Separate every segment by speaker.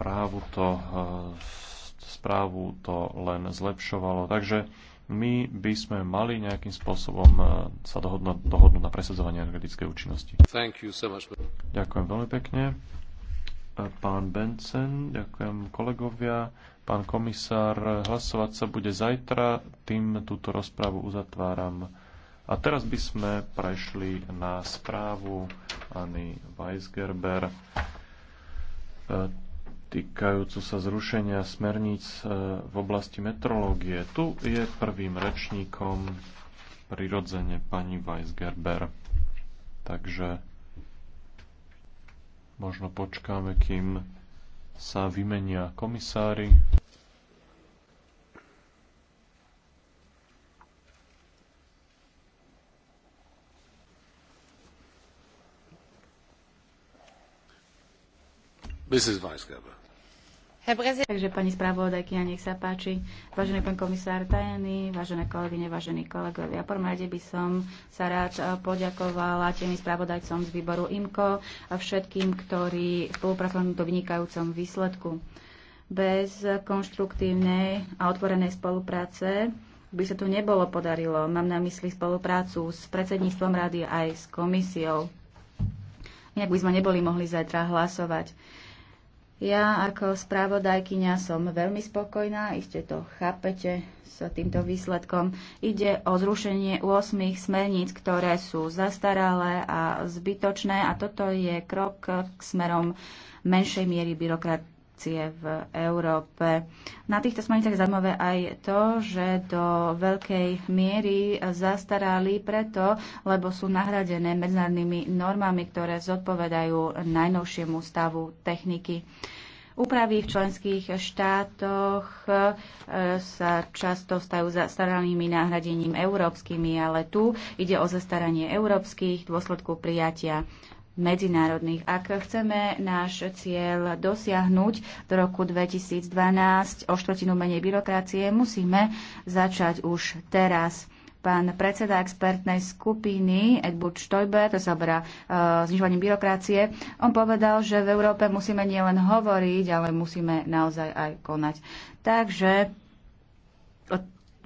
Speaker 1: správu to, e, správu to len zlepšovalo. Takže my by sme mali nejakým spôsobom e, sa dohodnúť, dohodnúť na presadzovanie energetickej účinnosti. Thank you so much. Ďakujem veľmi pekne. E, pán Bencen, ďakujem kolegovia. Pán komisár, hlasovať sa bude zajtra, tým túto rozprávu uzatváram. A teraz by sme prešli na správu Anny Weisgerber týkajúcu sa zrušenia smerníc e, v oblasti metrológie. Tu je prvým rečníkom prirodzene pani Weisgerber. Takže možno počkáme, kým sa vymenia komisári. Takže
Speaker 2: pani správodajkyňa, nech sa páči. Vážený pán komisár Tajany, vážené kolegyne, vážení kolegovia. Prvom rade by som sa rád eh, poďakovala tým spravodajcom z výboru IMKO a všetkým, ktorí spolupracovali do vynikajúcom výsledku. Bez konštruktívnej a otvorenej spolupráce by sa to nebolo podarilo. Mám na mysli spoluprácu s predsedníctvom rady aj s komisiou. Inak by sme neboli mohli zajtra hlasovať. Ja ako správodajkyňa som veľmi spokojná, iste to chápete s týmto výsledkom. Ide o zrušenie 8 smerníc, ktoré sú zastaralé a zbytočné a toto je krok k smerom menšej miery byrokracie korupcie v Európe. Na týchto smernicách zaujímavé aj to, že do veľkej miery zastarali preto, lebo sú nahradené medzinárodnými normami, ktoré zodpovedajú najnovšiemu stavu techniky. Úpravy v členských štátoch e, sa často stajú zastaranými náhradením európskymi, ale tu ide o zastaranie európskych dôsledkov prijatia medzinárodných. Ak chceme náš cieľ dosiahnuť do roku 2012 o štvrtinu menej byrokracie, musíme začať už teraz. Pán predseda expertnej skupiny Edmund Stoiber, to sa oberá e, znižovaním byrokracie, on povedal, že v Európe musíme nielen hovoriť, ale musíme naozaj aj konať. Takže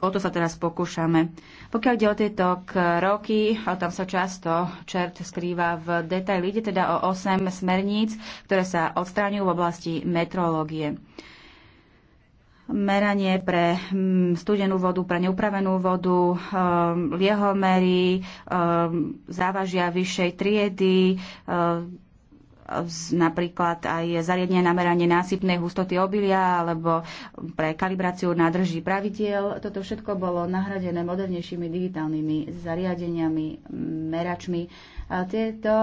Speaker 2: O to sa teraz pokúšame. Pokiaľ ide o tieto kroky, tam sa často čert skrýva v detaili. Ide teda o 8 smerníc, ktoré sa odstráňujú v oblasti metrológie. Meranie pre mm, studenú vodu, pre neupravenú vodu, ehm, liehomery, ehm, závažia vyššej triedy, ehm, napríklad aj zariadenie na meranie násypnej hustoty obilia alebo pre kalibráciu nádrží pravidiel. Toto všetko bolo nahradené modernejšími digitálnymi zariadeniami, meračmi. Tieto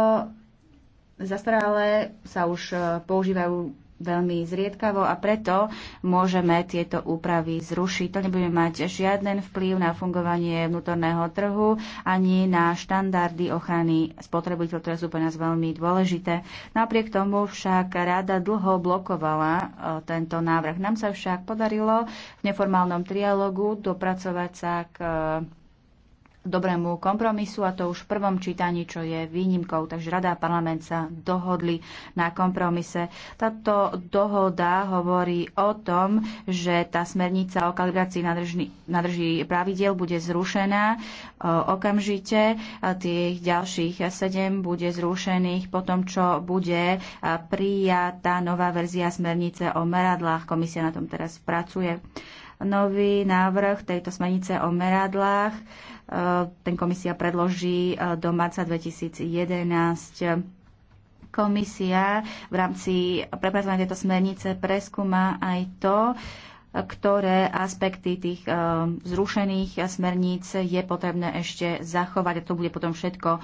Speaker 2: zastaralé sa už e, používajú veľmi zriedkavo a preto môžeme tieto úpravy zrušiť. To nebude mať žiaden vplyv na fungovanie vnútorného trhu ani na štandardy ochrany spotrebiteľov, ktoré sú pre nás veľmi dôležité. Napriek tomu však rada dlho blokovala e, tento návrh. Nám sa však podarilo v neformálnom trialogu dopracovať sa k e, dobrému kompromisu a to už v prvom čítaní, čo je výnimkou. Takže Rada a parlament sa dohodli na kompromise. Táto dohoda hovorí o tom, že tá smernica o kalibrácii nadrží, nadrží pravidiel bude zrušená e, okamžite. Tých ďalších sedem bude zrušených po tom, čo bude e, prijatá nová verzia smernice o meradlách. Komisia na tom teraz pracuje. Nový návrh tejto smernice o meradlách E, ten komisia predloží e, do marca 2011 komisia v rámci prepracovania tejto smernice preskúma aj to, ktoré aspekty tých e, zrušených smerníc je potrebné ešte zachovať a to bude potom všetko e,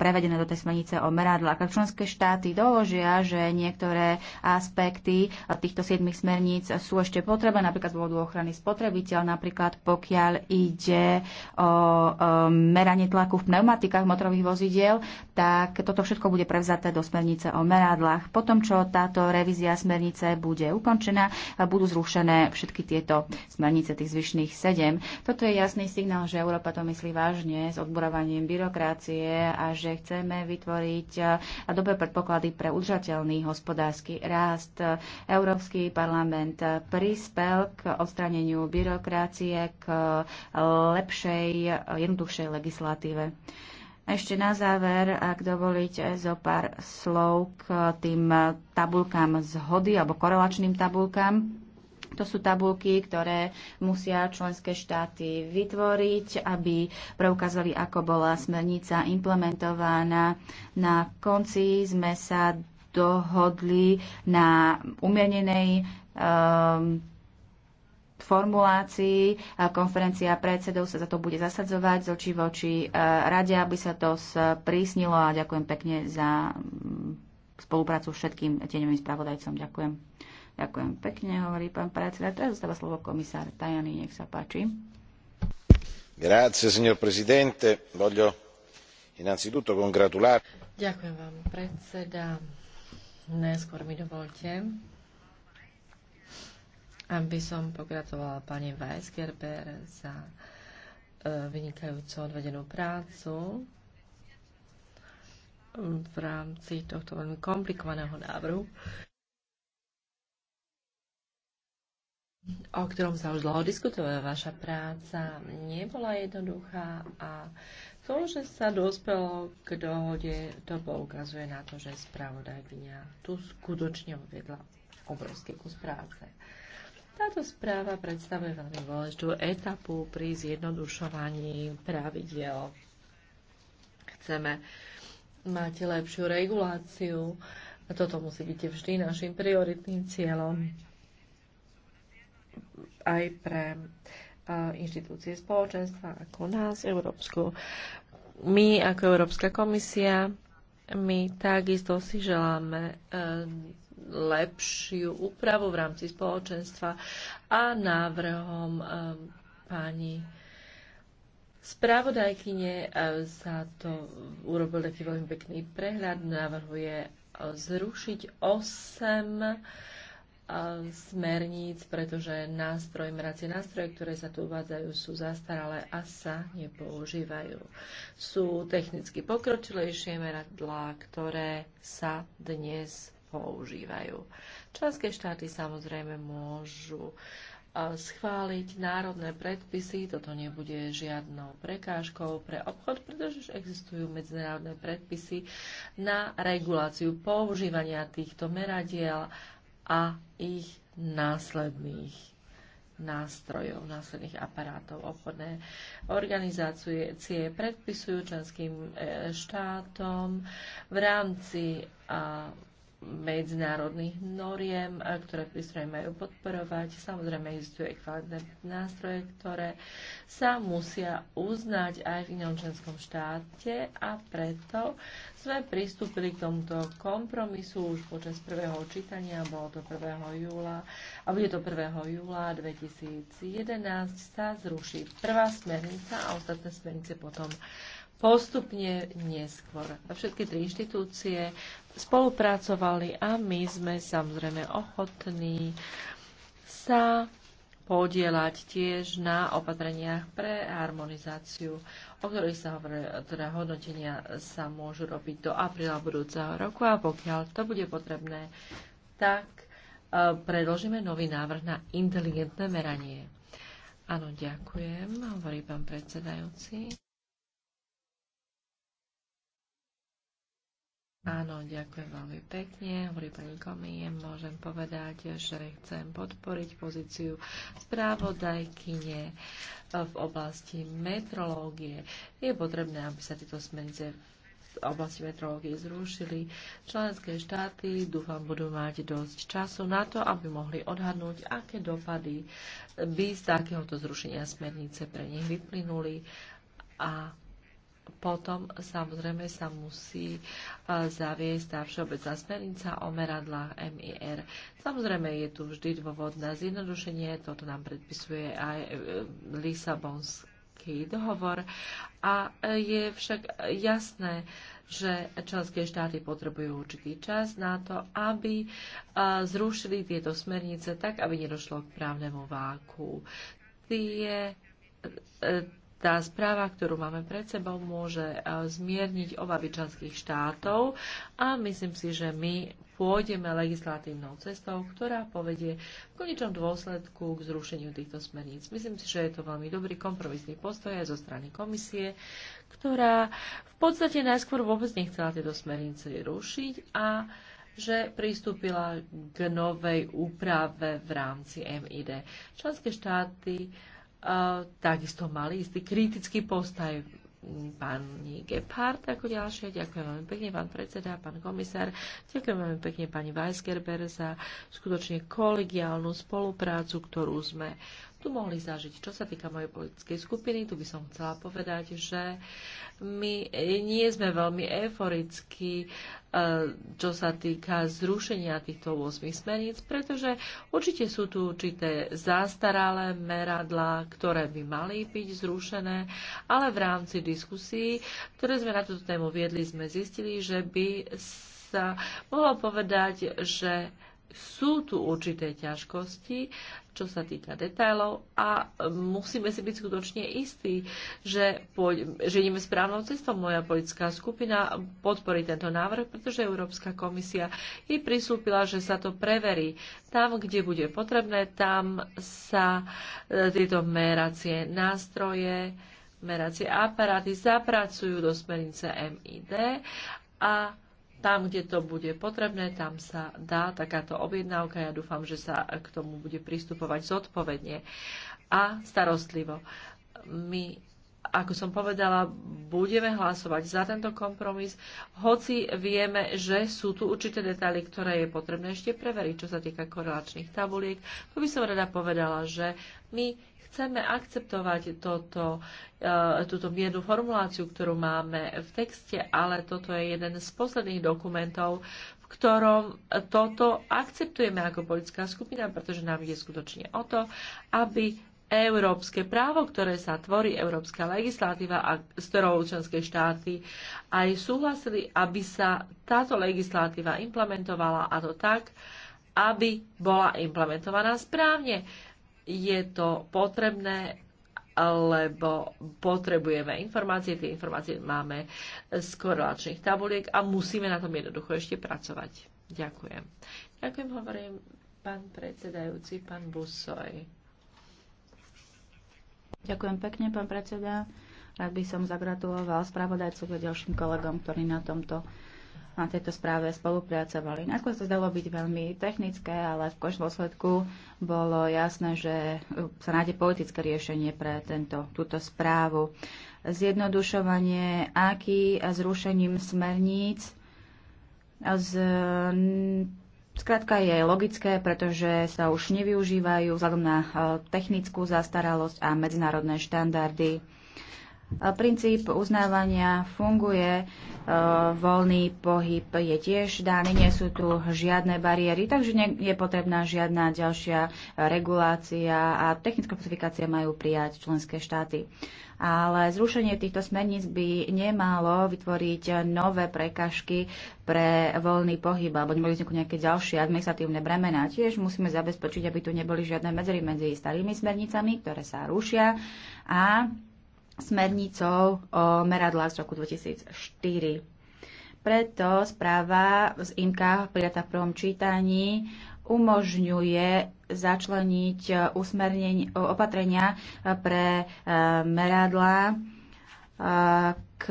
Speaker 2: prevedené do tej smernice o meradlách. Ak členské štáty doložia, že niektoré aspekty e, týchto siedmých smerníc sú ešte potrebné, napríklad z dôvodu ochrany spotrebiteľ, napríklad pokiaľ ide o meranie tlaku v pneumatikách motorových vozidiel, tak toto všetko bude prevzaté do smernice o meradlách. Potom, čo táto revízia smernice bude ukončená, budú zrušené všetky tieto smernice, tých zvyšných sedem. Toto je jasný signál, že Európa to myslí vážne s odborovaním byrokracie a že chceme vytvoriť e, dobré predpoklady pre udržateľný hospodársky rast. Európsky parlament prispel k odstraneniu byrokracie, k lepšej, jednoduchšej legislatíve. Ešte na záver, ak dovolíte, zo pár slov k tým tabulkám zhody alebo korelačným tabulkám. To sú tabulky, ktoré musia členské štáty vytvoriť, aby preukázali, ako bola smernica implementovaná. Na konci sme sa dohodli na umienenej um, ehm, formulácii. Konferencia predsedov sa za to bude zasadzovať z oči voči e, rade, aby sa to sprísnilo a ďakujem pekne za mm, spoluprácu všetkým tieňovým spravodajcom. Ďakujem. Ďakujem pekne, hovorí pán predseda. Teraz zostáva slovo komisár Tajany, nech sa páči.
Speaker 3: Grazie, signor presidente. Voglio innanzitutto congratular... Ďakujem vám, predseda. Najskôr mi dovolte, aby som pogratulovala pani Weisgerber za e, vynikajúco odvedenú prácu v rámci tohto veľmi komplikovaného návrhu. o ktorom sa už dlho diskutuje. Vaša práca nebola jednoduchá a to, že sa dospelo k dohode, to poukazuje na to, že spravodajkynia tu skutočne uviedla obrovský kus práce. Táto správa predstavuje veľmi dôležitú etapu pri zjednodušovaní pravidel. Chceme mať lepšiu reguláciu a toto musí byť vždy našim prioritným cieľom aj pre e, inštitúcie spoločenstva ako nás, Európsku. My ako Európska komisia, my takisto si želáme e, lepšiu úpravu v rámci spoločenstva a návrhom e, pani spravodajkyne sa to urobil taký veľmi pekný prehľad. Navrhuje zrušiť 8 smerníc, pretože nástroj, meracie nástroje, ktoré sa tu uvádzajú, sú zastaralé a sa nepoužívajú. Sú technicky pokročilejšie meradlá, ktoré sa dnes používajú. Členské štáty samozrejme môžu schváliť národné predpisy. Toto nebude žiadnou prekážkou pre obchod, pretože už existujú medzinárodné predpisy na reguláciu používania týchto meradiel a ich následných nástrojov, následných aparátov. Obchodné organizácie predpisujú členským e, štátom v rámci medzinárodných noriem, ktoré prístroje majú podporovať. Samozrejme, existujú kvalitné nástroje, ktoré sa musia uznať aj v inom členskom štáte a preto sme pristúpili k tomuto kompromisu už počas prvého čítania, bolo to 1. júla a bude to 1. júla 2011 sa zruší prvá smernica a ostatné smernice potom postupne neskôr. Všetky tri inštitúcie spolupracovali a my sme samozrejme ochotní sa podielať tiež na opatreniach pre harmonizáciu, o ktorých sa hovorí, teda hodnotenia sa môžu robiť do apríla budúceho roku a pokiaľ to bude potrebné, tak e, predložíme nový návrh na inteligentné meranie. Áno, ďakujem, hovorí pán predsedajúci. Áno, ďakujem veľmi pekne. Hovorí pani Komie, môžem povedať, že chcem podporiť pozíciu správodajkyne v oblasti metrológie. Je potrebné, aby sa tieto smernice v oblasti metrológie zrušili. Členské štáty, dúfam, budú mať dosť času na to, aby mohli odhadnúť, aké dopady by z takéhoto zrušenia smernice pre nich vyplynuli a potom samozrejme sa musí e, zaviesť tá všeobecná smernica o meradlách MIR. Samozrejme je tu vždy dôvod na zjednodušenie, toto nám predpisuje aj e, Lisabonský dohovor a e, je však jasné, že členské štáty potrebujú určitý čas na to, aby zrušili tieto smernice tak, aby nedošlo k právnemu váku. Tie tá správa, ktorú máme pred sebou, môže e, zmierniť obavy členských štátov a myslím si, že my pôjdeme legislatívnou cestou, ktorá povedie v konečnom dôsledku k zrušeniu týchto smerníc. Myslím si, že je to veľmi dobrý kompromisný postoj aj zo strany komisie, ktorá v podstate najskôr vôbec nechcela tieto smernice rušiť a že pristúpila k novej úprave v rámci MID. Členské štáty uh, Eh, takisto mali istý kritický postaj pani Gephardt ako ďalšie. Ďakujem veľmi pekne, pán predseda, pán komisár. Ďakujem veľmi pekne pani Weisgerber za skutočne kolegiálnu spoluprácu, ktorú sme tu mohli zažiť. Čo sa týka mojej politickej skupiny, tu by som chcela povedať, že my nie sme veľmi euforickí, e, čo sa týka zrušenia týchto 8 smerníc, pretože určite sú tu určité zastaralé meradlá, ktoré by mali byť zrušené, ale v rámci diskusí, ktoré sme na túto tému viedli, sme zistili, že by sa mohlo povedať, že sú tu určité ťažkosti čo sa týka detailov a musíme si byť skutočne istí, že, poď, že ideme správnou cestou. Moja politická skupina podporí tento návrh, pretože Európska komisia jej prislúpila, že sa to preverí. Tam, kde bude potrebné, tam sa e, tieto meracie nástroje, meracie aparáty zapracujú do smernice MID a tam, kde to bude potrebné, tam sa dá takáto objednávka. Ja dúfam, že sa k tomu bude pristupovať zodpovedne a starostlivo. My ako som povedala, budeme hlasovať za tento kompromis, hoci vieme, že sú tu určité detaily, ktoré je potrebné ešte preveriť, čo sa týka korelačných tabuliek. To by som rada povedala, že my chceme akceptovať toto, e, túto miernu formuláciu, ktorú máme v texte, ale toto je jeden z posledných dokumentov, v ktorom toto akceptujeme ako politická skupina, pretože nám ide skutočne o to, aby európske právo, ktoré sa tvorí, európska legislatíva, a s ktorou členské štáty aj súhlasili, aby sa táto legislatíva implementovala a to tak, aby bola implementovaná správne je to potrebné, lebo potrebujeme informácie, tie informácie máme z korelačných tabuliek a musíme na tom jednoducho ešte pracovať. Ďakujem. Ďakujem, hovorím pán predsedajúci, pán Busoj. Ďakujem pekne, pán
Speaker 2: predseda. Rád by som zagratuloval spravodajcu a ďalším kolegom, ktorí na tomto na tejto správe spolupracovali. Nakoniec to zdalo byť veľmi technické, ale v končnom dôsledku bolo jasné, že sa nájde politické riešenie pre tento, túto správu. Zjednodušovanie aký a zrušením smerníc z Skrátka je logické, pretože sa už nevyužívajú vzhľadom na eh, technickú zastaralosť a medzinárodné štandardy. Princíp uznávania funguje, e, voľný pohyb je tiež daný, nie sú tu žiadne bariéry, takže nie je potrebná žiadna ďalšia regulácia a technické specifikácie majú prijať členské štáty. Ale zrušenie týchto smerníc by nemalo vytvoriť nové prekažky pre voľný pohyb alebo neboli vzniknú nejaké ďalšie administratívne bremená. Tiež musíme zabezpečiť, aby tu neboli žiadne medzery medzi starými smernicami, ktoré sa rušia a smernicou o meradlách z roku 2004. Preto správa z IMKA prijatá v prvom čítaní umožňuje začleniť e, e, opatrenia e, pre meradla k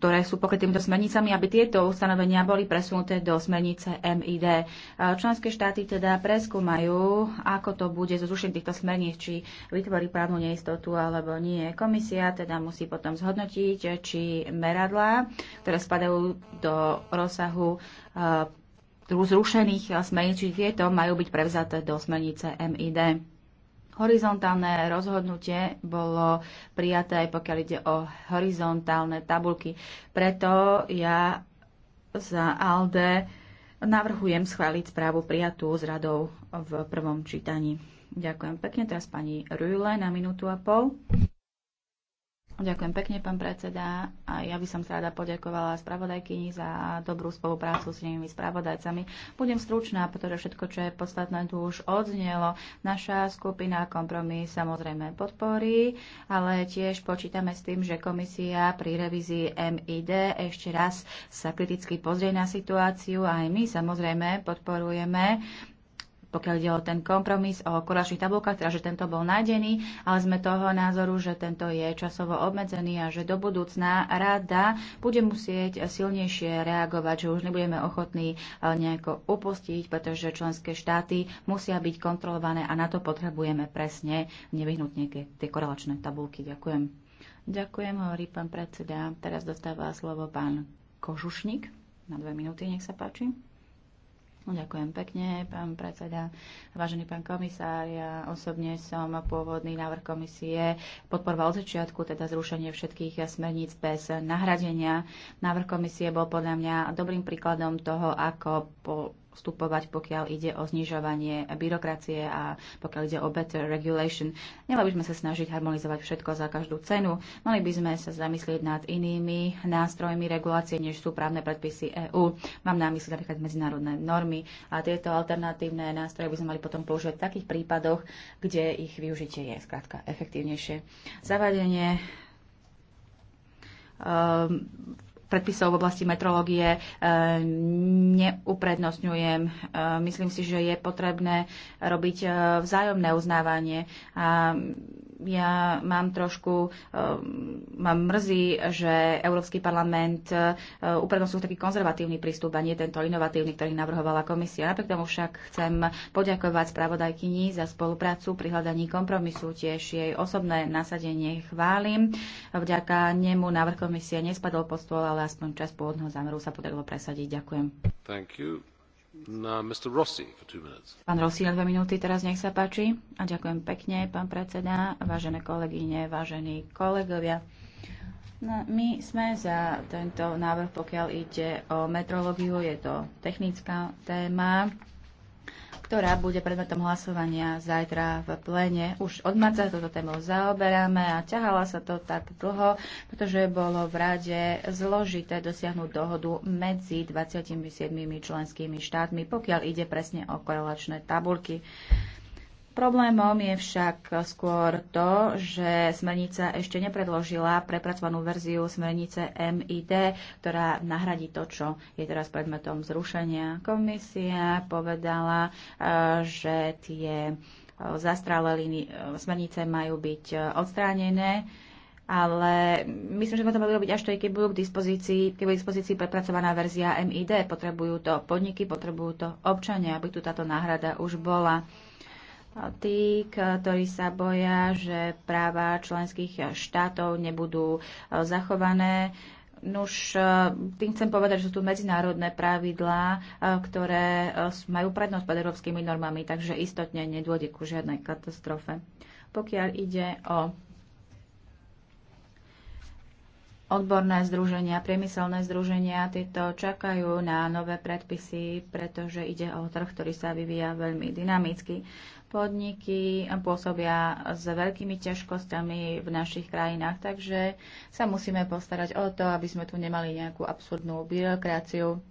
Speaker 2: ktoré sú pokryté týmito smernicami, aby tieto ustanovenia boli presunuté do smernice MID. Členské štáty teda preskúmajú, ako to bude so zrušením týchto smerníc, či vytvorí právnu neistotu alebo nie. Komisia teda musí potom zhodnotiť, či meradlá, ktoré spadajú do rozsahu e, zrušených smerníc, či tieto majú byť prevzaté do smernice MID. Horizontálne rozhodnutie bolo prijaté aj pokiaľ ide o horizontálne tabulky. Preto ja za ALDE navrhujem schváliť správu prijatú s radou v prvom čítaní. Ďakujem pekne. Teraz pani Rujle na minútu a pol. Ďakujem pekne, pán predseda. A ja by som sa rada poďakovala spravodajkyni za dobrú spoluprácu s nimi spravodajcami. Budem stručná, pretože všetko, čo je podstatné, tu už odznelo. Naša skupina kompromis samozrejme podporí, ale tiež počítame s tým, že komisia pri revízii MID ešte raz sa kriticky pozrie na situáciu. Aj my samozrejme podporujeme pokiaľ ide o ten kompromis o kuračných tabulkách, teda že tento bol nájdený, ale sme toho názoru, že tento je časovo obmedzený a že do budúcna rada bude musieť silnejšie reagovať, že už nebudeme ochotní e, nejako upustiť, pretože členské štáty musia byť kontrolované a na to potrebujeme presne nevyhnutne tie korelačné tabulky. Ďakujem. Ďakujem, hovorí pán predseda. Teraz dostáva slovo pán Kožušník. Na dve minúty, nech sa páči. No, ďakujem pekne, pán predseda. Vážený pán komisár, ja osobne som pôvodný návrh komisie podporoval od začiatku, teda zrušenie všetkých smerníc bez nahradenia. Návrh komisie bol podľa mňa dobrým príkladom toho, ako po vstupovať, pokiaľ ide o znižovanie byrokracie a pokiaľ ide o better regulation. Nemali by sme sa snažiť harmonizovať všetko za každú cenu. Mali by sme sa zamyslieť nad inými nástrojmi regulácie, než sú právne predpisy EÚ. Mám na mysli napríklad medzinárodné normy a tieto alternatívne nástroje by sme mali potom používať v takých prípadoch, kde ich využitie je skrátka efektívnejšie. Zavadenie um, ehm, predpisov v oblasti metrológie e, neuprednostňujem. E, myslím si, že je potrebné robiť e, vzájomné uznávanie. A ja mám trošku, eh, mám mrzí, že Európsky parlament eh, uprednostnil taký konzervatívny prístup a nie tento inovatívny, ktorý navrhovala komisia. Napriek tomu však chcem poďakovať spravodajkyni za spoluprácu pri hľadaní kompromisu. Tiež jej osobné nasadenie chválim. Vďaka nemu návrh komisie nespadol pod stôl, ale aspoň čas pôvodného zámeru sa podarilo presadiť. Ďakujem. Thank you. Pán Rossi na dve minúty teraz, nech sa páči. A ďakujem pekne, pán predseda, vážené kolegyne, vážení kolegovia. No, my sme za tento návrh, pokiaľ ide o metrológiu, je to technická téma ktorá bude predmetom hlasovania zajtra v pléne. Už od marca toto tému zaoberáme a ťahala sa to tak dlho, pretože bolo v rade zložité dosiahnuť dohodu medzi 27 členskými štátmi, pokiaľ ide presne o korelačné tabulky. Problémom je však skôr to, že smernica ešte nepredložila prepracovanú verziu smernice MID, ktorá nahradí to, čo je teraz predmetom zrušenia. Komisia povedala, e, že tie e, zastrálé e, smernice majú byť odstránené ale myslím, že sme to mali robiť až to, keď budú k dispozícii, keď bude k dispozícii prepracovaná verzia MID. Potrebujú to podniky, potrebujú to občania, aby tu táto náhrada už bola tí, ktorí sa boja, že práva členských štátov nebudú e, zachované. Nuž, e, tým chcem povedať, že sú tu medzinárodné pravidlá, e, ktoré majú prednosť pred európskymi normami, takže istotne nedôjde ku žiadnej katastrofe. Pokiaľ ide o Odborné združenia, priemyselné združenia, tieto čakajú na nové predpisy, pretože ide o trh, ktorý sa vyvíja veľmi dynamicky. Podniky pôsobia s veľkými ťažkosťami v našich krajinách, takže sa musíme postarať o to, aby sme tu nemali nejakú absurdnú byrokraciu.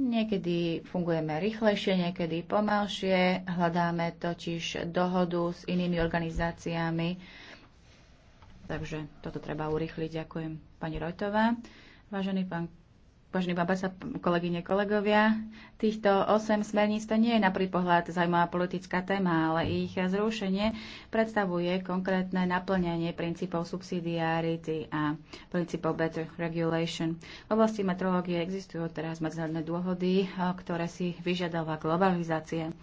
Speaker 2: Niekedy fungujeme rýchlejšie, niekedy pomalšie, hľadáme totiž dohodu s inými organizáciami, Takže toto treba urychliť. Ďakujem pani Rojtová. Vážený pán Vážený pán sa kolegyne, kolegovia, týchto 8 smerníc to nie je na prvý pohľad zaujímavá politická téma, ale ich zrušenie predstavuje konkrétne naplňanie princípov subsidiarity a princípov better regulation. V oblasti metrológie existujú teraz medzinárodné dôvody, ktoré si vyžiadala globalizácia.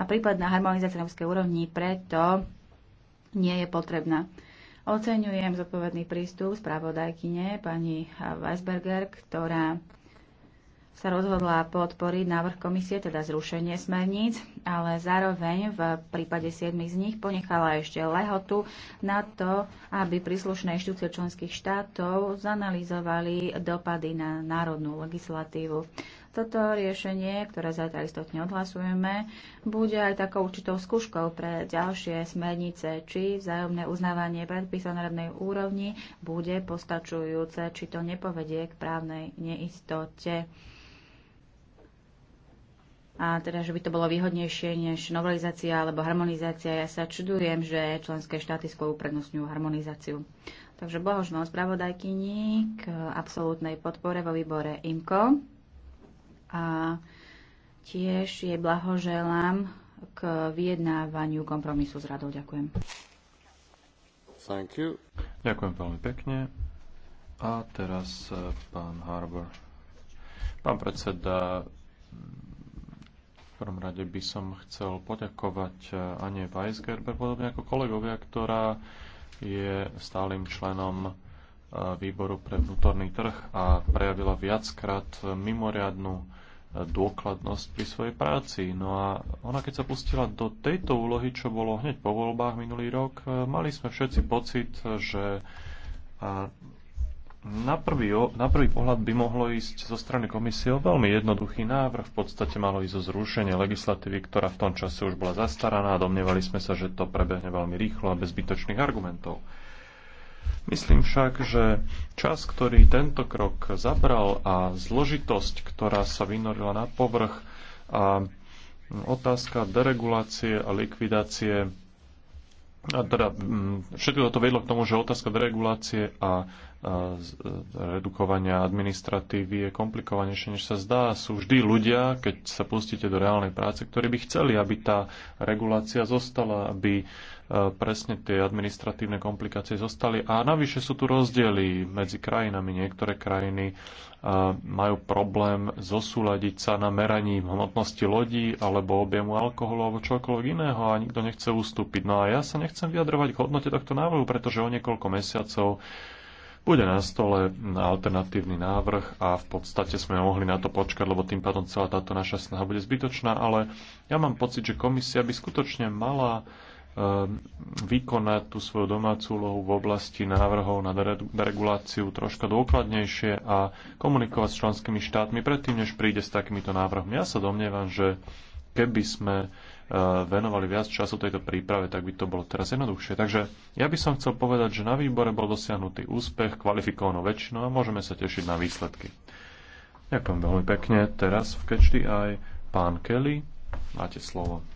Speaker 2: A prípadná harmonizácia na úrovni preto nie je potrebná. Oceňujem zodpovedný prístup spravodajkyne pani Weisberger, ktorá sa rozhodla podporiť návrh komisie, teda zrušenie smerníc, ale zároveň v prípade siedmých z nich ponechala ešte lehotu na to, aby príslušné inštitúcie členských štátov zanalizovali dopady na národnú legislatívu. Toto riešenie, ktoré zajtra istotne odhlasujeme, bude aj takou určitou skúškou pre ďalšie smernice, či vzájomné uznávanie predpisov na radnej úrovni bude postačujúce, či to nepovedie k právnej neistote a teda, že by to bolo výhodnejšie než novelizácia alebo harmonizácia. Ja sa čudujem, že členské štáty skôr uprednostňujú harmonizáciu. Takže bohožnosť spravodajkyni k absolútnej podpore vo výbore IMCO a tiež jej blahoželám k vyjednávaniu kompromisu s radou. Ďakujem.
Speaker 1: Thank you. Ďakujem veľmi pekne. A teraz eh, pán Harbour. Pán predseda, v prvom rade by som chcel poďakovať eh, Ane Weisgerber, podobne ako kolegovia, ktorá je stálym členom výboru pre vnútorný trh a prejavila viackrát mimoriadnú e, dôkladnosť pri svojej práci. No a ona keď sa pustila do tejto úlohy, čo bolo hneď po voľbách minulý rok, e, mali sme všetci pocit, že na prvý, na prvý pohľad by mohlo ísť zo strany komisie o veľmi jednoduchý návrh. V podstate malo ísť o zrušenie legislatívy, ktorá v tom čase už bola zastaraná a domnievali sme sa, že to prebehne veľmi rýchlo a bez zbytočných argumentov. Myslím však, že čas, ktorý tento krok zabral a zložitosť, ktorá sa vynorila na povrch a otázka deregulácie a likvidácie a teda mm, všetko to vedlo k tomu, že otázka deregulácie a, a e, redukovania administratívy je komplikovanejšie, než sa zdá. Sú vždy ľudia, keď sa pustíte do reálnej práce, ktorí by chceli, aby tá regulácia zostala, aby Eh, presne tie administratívne komplikácie zostali. A navyše sú tu rozdiely medzi krajinami. Niektoré krajiny eh, majú problém zosúľadiť sa na meraní hmotnosti lodí alebo objemu alkoholu alebo čokoľvek iného a nikto nechce ustúpiť. No a ja sa nechcem vyjadrovať k hodnote tohto návrhu, pretože o niekoľko mesiacov bude na stole alternatívny návrh a v podstate sme mohli na to počkať, lebo tým pádom celá táto naša snaha bude zbytočná, ale ja mám pocit, že komisia by skutočne mala Ehm, vykonať tú svoju domácu úlohu v oblasti návrhov na dereguláciu troška dôkladnejšie a komunikovať s členskými štátmi predtým, než príde s takýmito návrhmi. Ja sa domnievam, že keby sme ehm, venovali viac času tejto príprave, tak by to bolo teraz jednoduchšie. Takže ja by som chcel povedať, že na výbore bol dosiahnutý úspech kvalifikovanou väčšinou a môžeme sa tešiť na výsledky. Ďakujem veľmi pekne. Teraz v Catch aj pán Kelly. Máte slovo.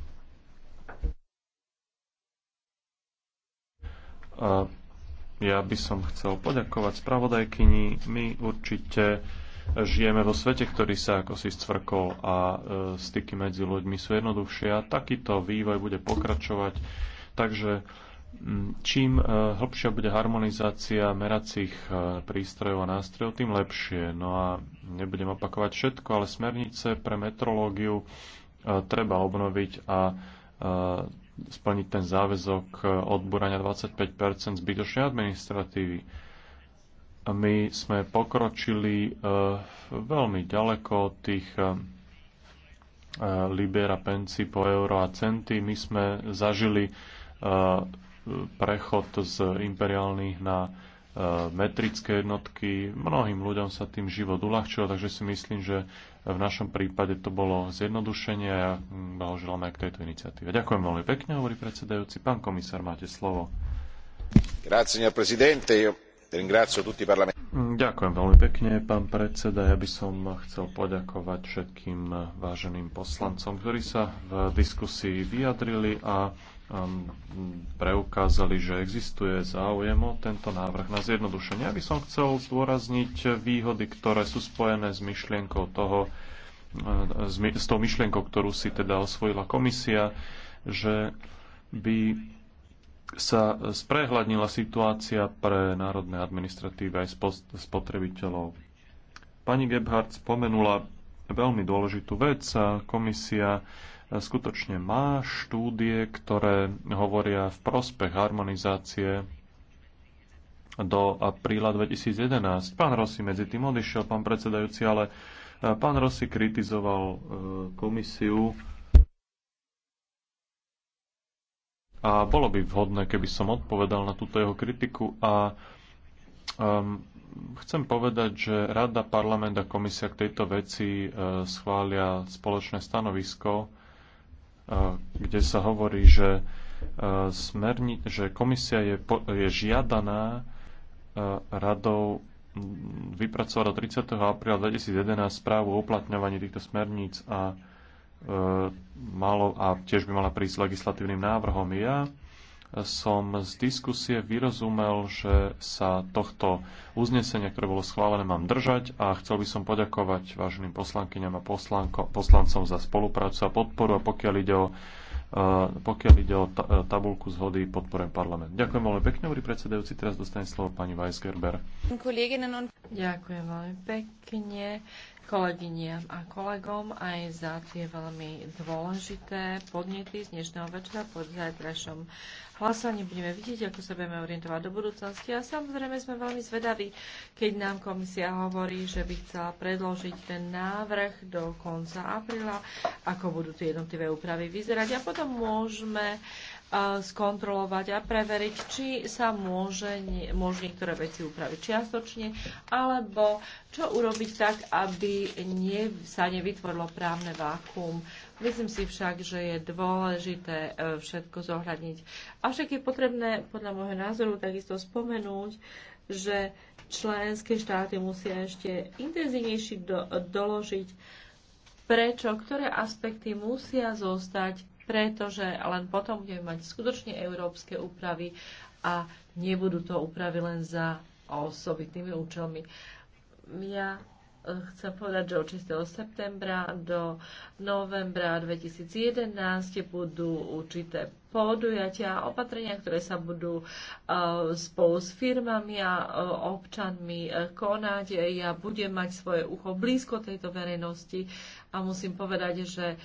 Speaker 1: A ja by som chcel poďakovať spravodajkyni. My určite žijeme vo svete, ktorý sa ako si stvrkol a e, styky medzi ľuďmi sú jednoduchšie a takýto vývoj bude pokračovať. Takže čím e, hlbšia bude harmonizácia meracích e, prístrojov a nástrojov, tým lepšie. No a nebudem opakovať všetko, ale smernice pre metrológiu treba obnoviť a splniť ten záväzok e, odburania 25 zbytočnej administratívy. A my sme pokročili e, veľmi ďaleko od tých e, libera penci po euro a centy. My sme zažili prechod z imperiálnych na Eh, metrické jednotky. Mnohým ľuďom sa tým život uľahčil, takže si myslím, že v našom prípade to bolo zjednodušenie a ja hm, blahoželám aj k tejto iniciatíve. Ďakujem veľmi pekne, hovorí predsedajúci. Pán komisár, máte slovo.
Speaker 3: Grazie, signor Presidente. Ringrazio tutti i
Speaker 1: Ďakujem veľmi pekne, pán predseda. Ja by som chcel poďakovať všetkým váženým poslancom, ktorí sa v diskusii vyjadrili a um, preukázali, že existuje záujem o tento návrh na zjednodušenie. Ja by som chcel zdôrazniť výhody, ktoré sú spojené s myšlienkou toho, uh, s tou myšlienkou, ktorú si teda osvojila komisia, že by sa sprehľadnila situácia pre národné administratívy aj spotrebiteľov. Pani Gebhardt spomenula veľmi dôležitú vec. Komisia e, skutočne má štúdie, ktoré hovoria v prospech harmonizácie do apríla 2011. Pán Rossi medzi tým odišiel, pán predsedajúci, ale e, pán Rossi kritizoval e, komisiu A bolo by vhodné, keby som odpovedal na túto jeho kritiku a um, chcem povedať, že Rada, Parlament a Komisia k tejto veci uh, schvália spoločné stanovisko, uh, kde sa hovorí, že, uh, smerni- že komisia je, po- je žiadaná uh, radou vypracovať do 30. apríla 2011 správu o uplatňovaní týchto smerníc a E, malo a tiež by mala prísť legislatívnym návrhom. Ja som z diskusie vyrozumel, že sa tohto uznesenia, ktoré bolo schválené, mám držať a chcel by som poďakovať váženým poslankyňam a poslanko, poslancom za spoluprácu a podporu a pokiaľ ide o, e, pokiaľ ide o e, tabulku zhody, podporujem parlament. Ďakujem veľmi pekne, dobrý predsedajúci. Teraz dostane slovo pani Weisgerber.
Speaker 3: No- Ďakujem veľmi pekne kolegyniam a kolegom aj za tie veľmi dôležité podnety z dnešného večera. Po zajtrajšom hlasovaní budeme vidieť, ako sa budeme orientovať do budúcnosti a samozrejme sme veľmi zvedaví, keď nám komisia hovorí, že by chcela predložiť ten návrh do konca apríla, ako budú tie jednotlivé úpravy vyzerať a potom môžeme uh, skontrolovať a preveriť, či sa môže, môže niektoré veci upraviť čiastočne, alebo čo urobiť tak, aby nie, sa nevytvorilo právne vákum. Myslím si však, že je dôležité e, všetko zohľadniť. Avšak je potrebné, podľa môjho názoru, takisto spomenúť, že členské štáty musia ešte intenzívnejšie do, doložiť, prečo, ktoré aspekty musia zostať pretože len potom budeme mať skutočne európske úpravy a nebudú to úpravy len za osobitnými účelmi. Ja e, chcem povedať, že od 6. septembra do novembra 2011 budú určité podujatia a opatrenia, ktoré sa budú e, spolu s firmami a e, občanmi konať. Ja budem mať svoje ucho blízko tejto verejnosti a musím povedať, že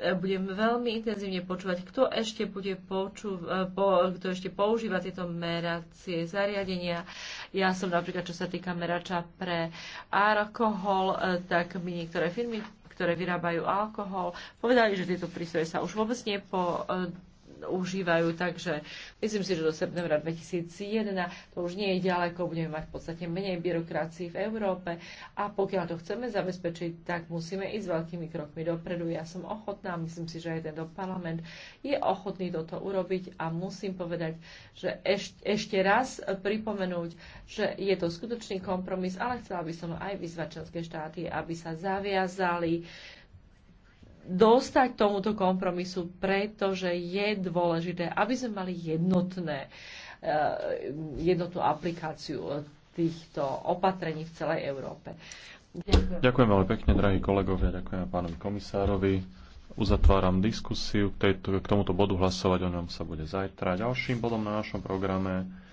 Speaker 3: E, budem veľmi intenzívne počúvať, kto ešte, bude poču, e, po, kto ešte používa tieto meracie zariadenia. Ja som napríklad, čo sa týka merača pre alkohol, e, tak mi niektoré firmy, ktoré vyrábajú alkohol, povedali, že tieto prístroje sa už vôbec nepo, užívajú. Takže myslím si, že do septembra 2001 to už nie je ďaleko, budeme mať v podstate menej byrokracií v Európe a pokiaľ to chceme zabezpečiť, tak musíme ísť veľkými krokmi dopredu. Ja som ochotná, myslím si, že aj tento parlament je ochotný toto urobiť a musím povedať, že eš, ešte raz pripomenúť, že je to skutočný kompromis, ale chcela by som aj vyzvať členské štáty, aby sa zaviazali dostať tomuto kompromisu, pretože je dôležité, aby sme mali jednotné, eh, jednotnú aplikáciu týchto opatrení v celej Európe. Ďakujem.
Speaker 1: ďakujem veľmi pekne, drahí kolegovia, ďakujem pánovi komisárovi. Uzatváram diskusiu k, tejto, k tomuto bodu, hlasovať o ňom sa bude zajtra. Ďalším bodom na našom programe